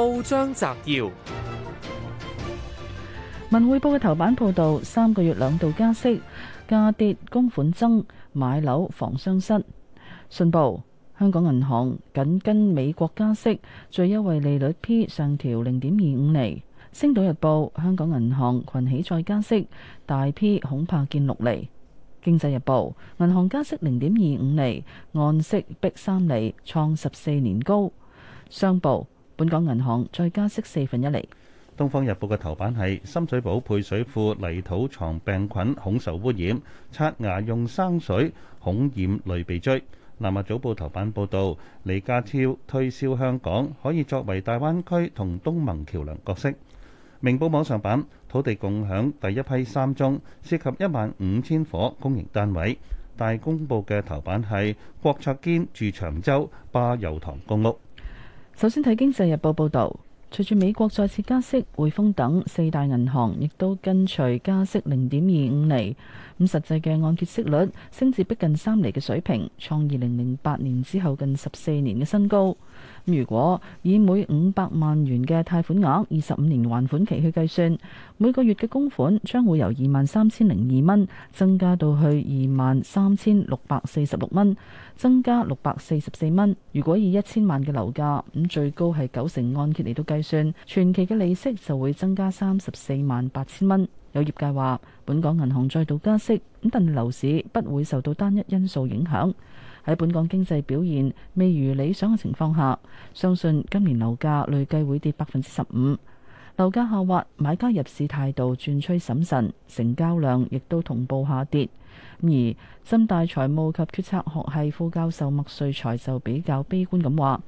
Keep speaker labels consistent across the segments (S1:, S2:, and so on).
S1: 報章摘要：文匯報嘅頭版報道，三個月兩度加息，價跌供款增，買樓房商失。信報：香港銀行緊跟美國加息，最優惠利率 p 上調零點二五厘。星島日報：香港銀行群起再加息，大 p 恐怕見六厘。經濟日報：銀行加息零點二五厘，按息逼三厘，創十四年高。商報。本港銀行再
S2: 加息四分一釐。《東方日報》嘅頭版係深水埗配水庫泥土藏病菌，恐受污染；刷牙用生水，恐染類鼻疽。《南華早報》頭版報導，李家超推銷香港可以作為大灣區同東盟橋梁角色。《明報》網上版土地共享第一批三宗，涉及一萬五千伙公營單位。《大公報》嘅頭版係郭卓堅住長洲霸油塘公屋。首先睇《經濟日報》報導，
S1: 隨住美國再次加息，匯豐等四大銀行亦都跟隨加息零點二五釐。咁實際嘅按揭息率升至逼近三釐嘅水平，創二零零八年之後近十四年嘅新高。如果以每五百萬元嘅貸款額、二十五年還款期去計算，每個月嘅供款將會由二萬三千零二蚊增加到去二萬三千六百四十六蚊，增加六百四十四蚊。如果以一千萬嘅樓價，咁最高係九成按揭嚟到計算，全期嘅利息就會增加三十四萬八千蚊。有業界話，本港銀行再度加息，咁但係樓市不會受到單一因素影響。喺本港經濟表現未如理想嘅情況下，相信今年樓價累計會跌百分之十五。樓價下滑，買家入市態度轉趨審慎，成交量亦都同步下跌。而浸大財務及決策學系副教授麥瑞才就比較悲觀咁話。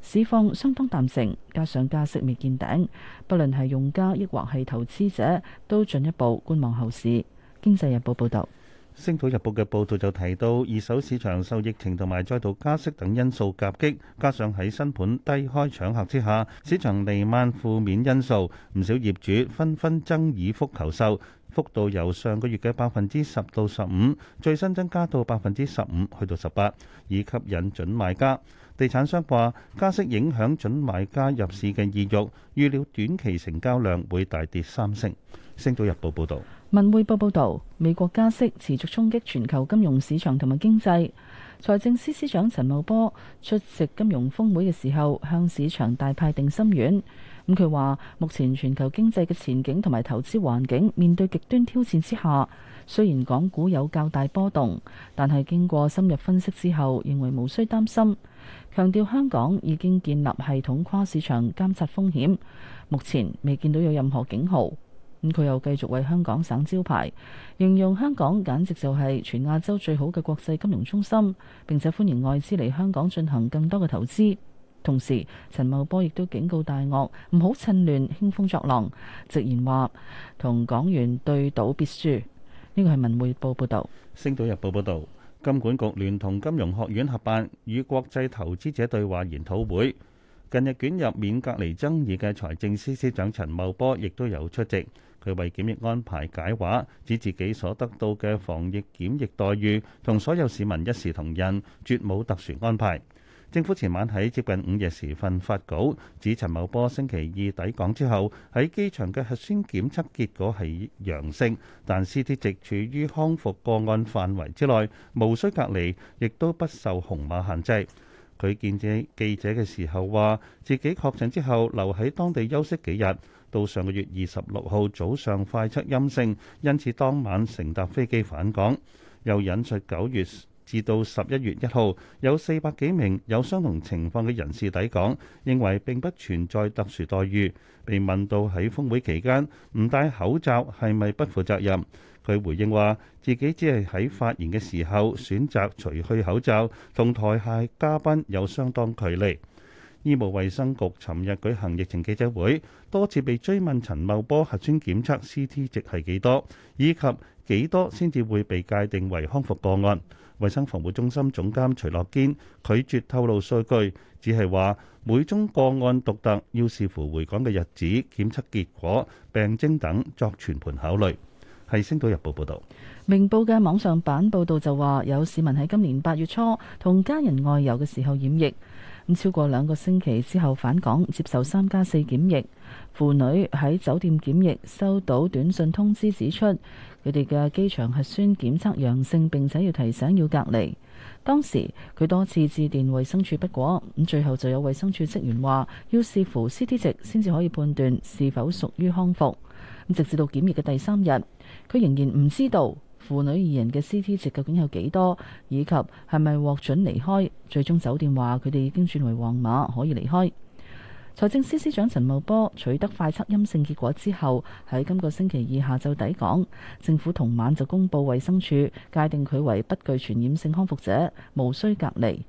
S1: 市況相當淡靜，加上加息未見頂，不論係用家抑或係投資者，都進一步觀望後市。經濟日報報道，
S2: 星島日報嘅報道就提到，二手市場受疫情同埋再度加息等因素夾擊，加上喺新盤低開搶客之下，市場彌漫負面因素，唔少業主紛紛增議幅求售。幅度由上個月嘅百分之十到十五，最新增加到百分之十五去到十八，以吸引準買家。地產商話：加息影響準買家入市嘅意欲，預料短期成交量會大跌三成。星島日報報道，
S1: 文匯報報道，美國加息持續衝擊全球金融市場同埋經濟。財政司司長陳茂波出席金融峰會嘅時候，向市場大派定心丸。咁佢話：目前全球經濟嘅前景同埋投資環境面對極端挑戰之下，雖然港股有較大波動，但係經過深入分析之後，認為無需擔心。強調香港已經建立系統跨市場監察風險，目前未見到有任何警號。咁佢又繼續為香港省招牌，形容香港簡直就係全亞洲最好嘅國際金融中心，並且歡迎外資嚟香港進行更多嘅投資。同時，陳茂波亦都警告大鱷唔好趁亂興風作浪，直言話同港元對賭必輸。呢個係文匯報報導，
S2: 《星島日報》報導，金管局聯同金融學院合辦與國際投資者對話研討會。近日捲入免隔離爭議嘅財政司司長陳茂波亦都有出席。佢為檢疫安排解話，指自己所得到嘅防疫檢疫待遇同所有市民一視同仁，絕冇特殊安排。政府前晚喺接近午夜時分發稿，指陳茂波星期二抵港之後，喺機場嘅核酸檢測結果係陽性，但 CT 值處於康復個案範圍之內，無需隔離，亦都不受紅碼限制。佢見者記者嘅時候話，自己確診之後留喺當地休息幾日，到上個月二十六號早上快測陰性，因此當晚乘搭飛機返港，又引述九月至到十一月一號，有四百幾名有相同情況嘅人士抵港，認為並不存在特殊待遇。被問到喺峯會期間唔戴口罩係咪不負責任，佢回應話自己只係喺發言嘅時候選擇除去口罩，同台下嘉賓有相當距離。醫務衛生局尋日舉行疫情記者會，多次被追問陳茂波核酸檢測 C T 值係幾多，以及幾多先至會被界定為康復個案。衛生防護中心總監徐樂堅拒絕透露數據，只係話每宗個案獨特，要視乎回港嘅日子、檢測結果、病徵等作全盤考慮。係《星島日報》報道，
S1: 明報嘅網上版報道就話，有市民喺今年八月初同家人外遊嘅時候染疫，咁超過兩個星期之後返港，接受三加四檢疫，婦女喺酒店檢疫收到短信通知，指出佢哋嘅機場核酸檢測陽性，並且要提醒要隔離。當時佢多次致電衛生署不果，咁最後就有衛生署職員話要視乎 CT 值，先至可以判斷是否屬於康復。咁直至到檢疫嘅第三日，佢仍然唔知道父女二人嘅 CT 值究竟有幾多，以及係咪獲准離開。最終酒店話佢哋已經轉為黃碼，可以離開。財政司司長陳茂波取得快測陰性結果之後，喺今個星期二下晝抵港，政府同晚就公布衞生署界定佢為不具傳染性康復者，無需隔離。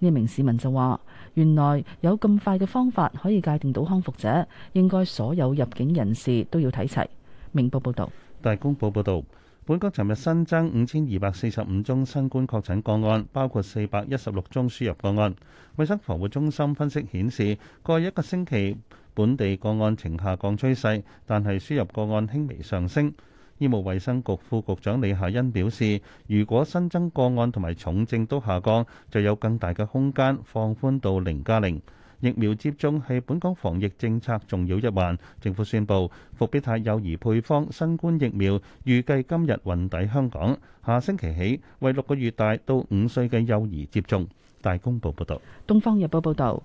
S1: 呢名市民就話：原來有咁快嘅方法可以界定到康復者，應該所有入境人士都要睇齊。明報報道。
S2: 大公報報道。本港尋日新增五千二百四十五宗新冠確診個案，包括四百一十六宗輸入個案。衞生防護中心分析顯示，過去一個星期本地個案呈下降趨勢，但係輸入個案輕微上升。醫務衛生局副局長李夏欣表示，如果新增個案同埋重症都下降，就有更大嘅空間放寬到零加零。疫苗接種係本港防疫政策重要一環。政府宣布，復必泰幼兒配方新冠疫苗預計今日運抵香港，下星期起為六個月大到五歲嘅幼兒接種。大公報報道。《
S1: 東方日報》報道，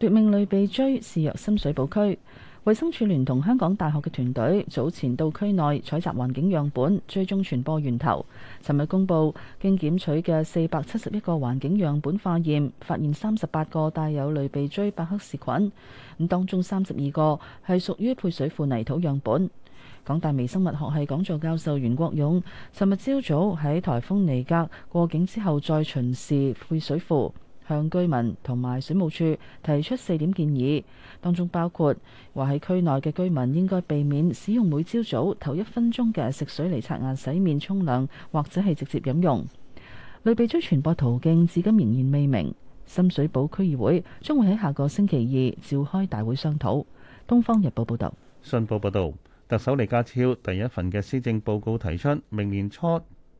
S1: 奪命類被追，試入深水埗區。衛生署聯同香港大學嘅團隊早前到區內採集環境樣本，追蹤傳播源頭。尋日公布，經檢取嘅四百七十一個環境樣本化驗，發現三十八個帶有類鼻疽伯克氏菌，咁當中三十二個係屬於配水庫泥土樣本。港大微生物學系講座教授袁國勇尋日朝早喺颱風尼格過境之後再巡視配水庫。向居民同埋水務署提出四點建議，當中包括話喺區內嘅居民應該避免使用每朝早頭一分鐘嘅食水嚟刷牙、洗面、沖涼或者係直接飲用。類鼻疽傳播途徑至今仍然未明，深水埗區議會將會喺下個星期二召開大會商討。東方日報報道。
S2: 信報報道，特首李家超第一份嘅施政報告提出，明年初。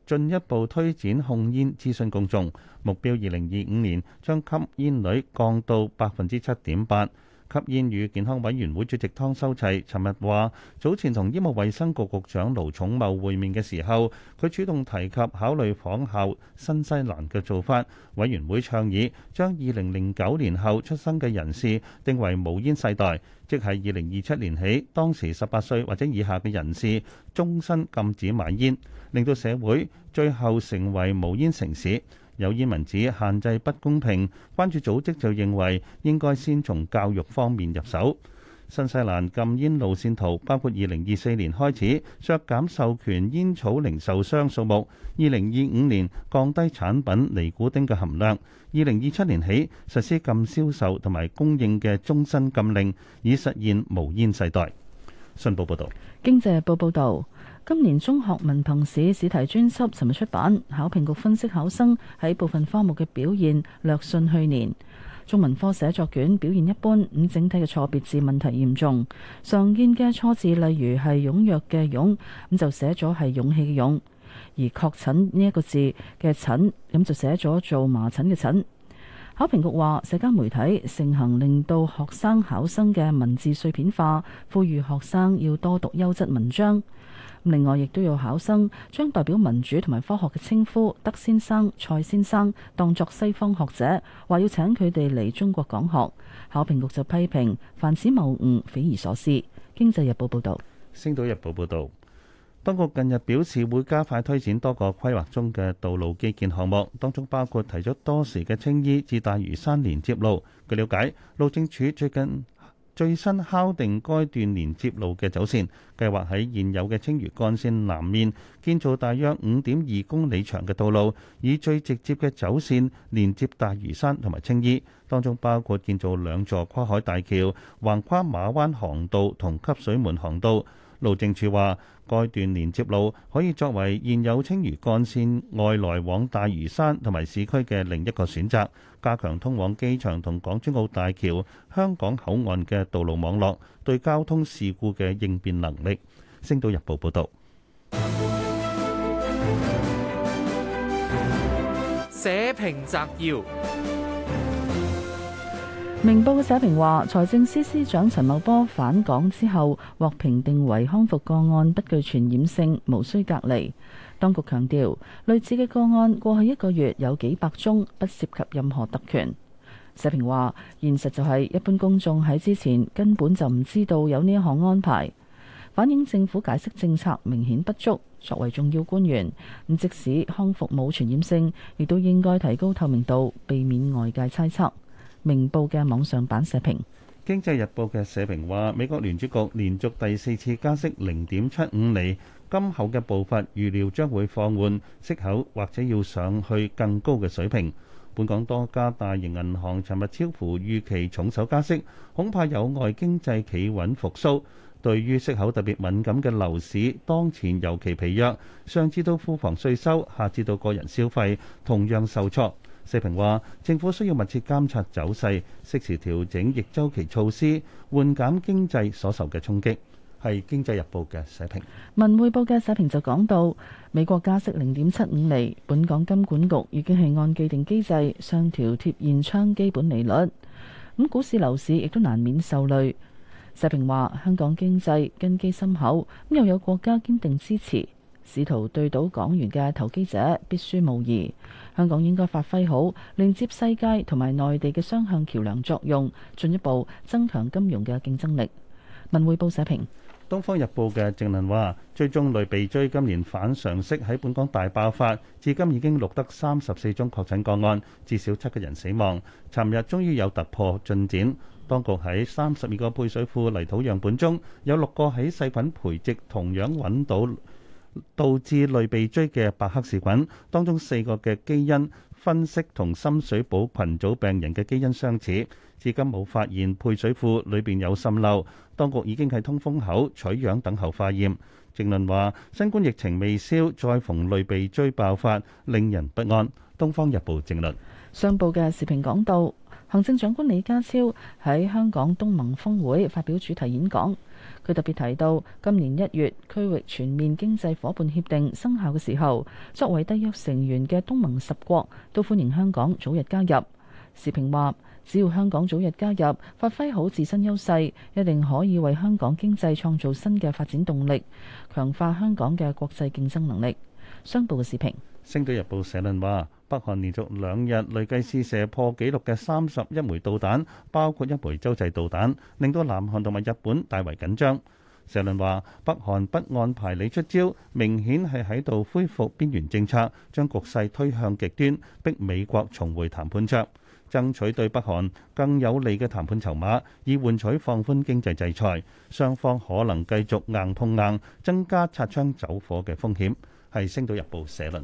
S2: 進一步推展控煙諮詢公眾，目標二零二五年將吸煙率降到百分之七點八。吸煙與健康委員會主席湯修齊，尋日話：早前同醫務衛生局局長盧寵茂會面嘅時候，佢主動提及考慮仿效新西蘭嘅做法，委員會倡議將二零零九年後出生嘅人士定為無煙世代，即係二零二七年起，當時十八歲或者以下嘅人士終身禁止買煙，令到社會最後成為無煙城市。有煙民指限制不公平，關注組織就認為應該先從教育方面入手。新西蘭禁煙路線圖包括二零二四年開始削減授權煙草零售商數目，二零二五年降低產品尼古丁嘅含量，二零二七年起實施禁銷售同埋供應嘅終身禁令，以實現無煙世代。信報報導，
S1: 經濟日報報導。今年中學文憑試試題專輯尋日出版，考評局分析考生喺部分科目嘅表現略遜去年。中文科寫作卷表現一般，咁整體嘅錯別字問題嚴重，常見嘅錯字例如係踴躍嘅勇，咁就寫咗係勇氣嘅勇；而確診呢一個字嘅診，咁就寫咗做麻疹嘅診。考評局話，社交媒體盛行令到學生考生嘅文字碎片化，呼籲學生要多讀優質文章。另外，亦都有考生將代表民主同埋科學嘅稱呼，德先生、蔡先生，當作西方學者，話要請佢哋嚟中國講學。考評局就批評，凡此謬誤，匪夷所思。經濟日報報道。
S2: 星島日報報道，當局近日表示會加快推展多個規劃中嘅道路基建項目，當中包括提出多時嘅青衣至大嶼山連接路。據了解，路政署最近最新敲定該段連接路嘅走線，計劃喺現有嘅青嶼幹線南面建造大約五點二公里長嘅道路，以最直接嘅走線連接大嶼山同埋青衣，當中包括建造兩座跨海大橋，橫跨馬灣航道同汲水門航道。路政署話，該段連接路可以作為現有青嶼幹線外來往大嶼山同埋市區嘅另一個選擇，加強通往機場同港珠澳大橋香港口岸嘅道路網絡對交通事故嘅應變能力。星島日報報導。
S1: 社評摘要。明報嘅社評話，財政司司長陳茂波返港之後獲評定為康復個案，不具傳染性，無需隔離。當局強調，類似嘅個案過去一個月有幾百宗，不涉及任何特權。社評話，現實就係一般公眾喺之前根本就唔知道有呢一項安排，反映政府解釋政策明顯不足。作為重要官員，咁即使康復冇傳染性，亦都應該提高透明度，避免外界猜測。明報嘅網上版社評，
S2: 經濟日報嘅社評話：美國聯儲局連續第四次加息零點七五厘，今後嘅步伐預料將會放緩，息口或者要上去更高嘅水平。本港多家大型銀行尋日超乎預期重手加息，恐怕有礙經濟企穩復蘇。對於息口特別敏感嘅樓市，當前尤其疲弱，上至到庫房稅收，下至到個人消費，同樣受挫。社評話政府需要密切監察走勢，適時調整逆周期措施，緩減經濟所受嘅衝擊。係經濟日報嘅社評，
S1: 文匯報嘅社評就講到美國加息零點七五厘，本港金管局已經係按既定機制上調貼現窗基本利率，咁股市樓市亦都難免受累。社評話香港經濟根基深厚，咁又有國家堅定支持。試圖對賭港元嘅投機者，必輸無疑。香港應該發揮好連接世界同埋內地嘅雙向橋梁作用，進一步增強金融嘅競爭力。文匯報社評，
S2: 《東方日報》嘅評論話：追蹤類被追，今年反常識喺本港大爆發，至今已經錄得三十四宗確診個案，至少七個人死亡。尋日終於有突破進展，當局喺三十二個配水庫泥土樣本中有六個喺細菌培植，同樣揾到。導致類鼻疽嘅白黑氏菌，當中四個嘅基因分析同深水埗群組病人嘅基因相似。至今冇發現配水庫裏邊有滲漏，當局已經喺通風口取樣等候化驗。正論話：新冠疫情未消，再逢類鼻疽爆發，令人不安。《東方日報》正論。上報嘅
S1: 視頻講到。行政長官李家超喺香港東盟峰會發表主題演講，佢特別提到今年一月區域全面經濟夥伴協定生效嘅時候，作為締約成員嘅東盟十國都歡迎香港早日加入。時評話，只要香港早日加入，發揮好自身優勢，一定可以為香港經濟創造新嘅發展動力，強化香港嘅國際競爭能力。商報嘅時評。
S2: 《星島日報》社論話：北韓連續兩日累計試射破紀錄嘅三十一枚導彈，包括一枚洲際導彈，令到南韓同埋日本大為緊張。社論話：北韓不按牌理出招，明顯係喺度恢復邊緣政策，將局勢推向極端，逼美國重回談判桌，爭取對北韓更有利嘅談判籌碼，以換取放寬經濟制裁。雙方可能繼續硬碰硬，增加擦槍走火嘅風險。係《星島日報》社論。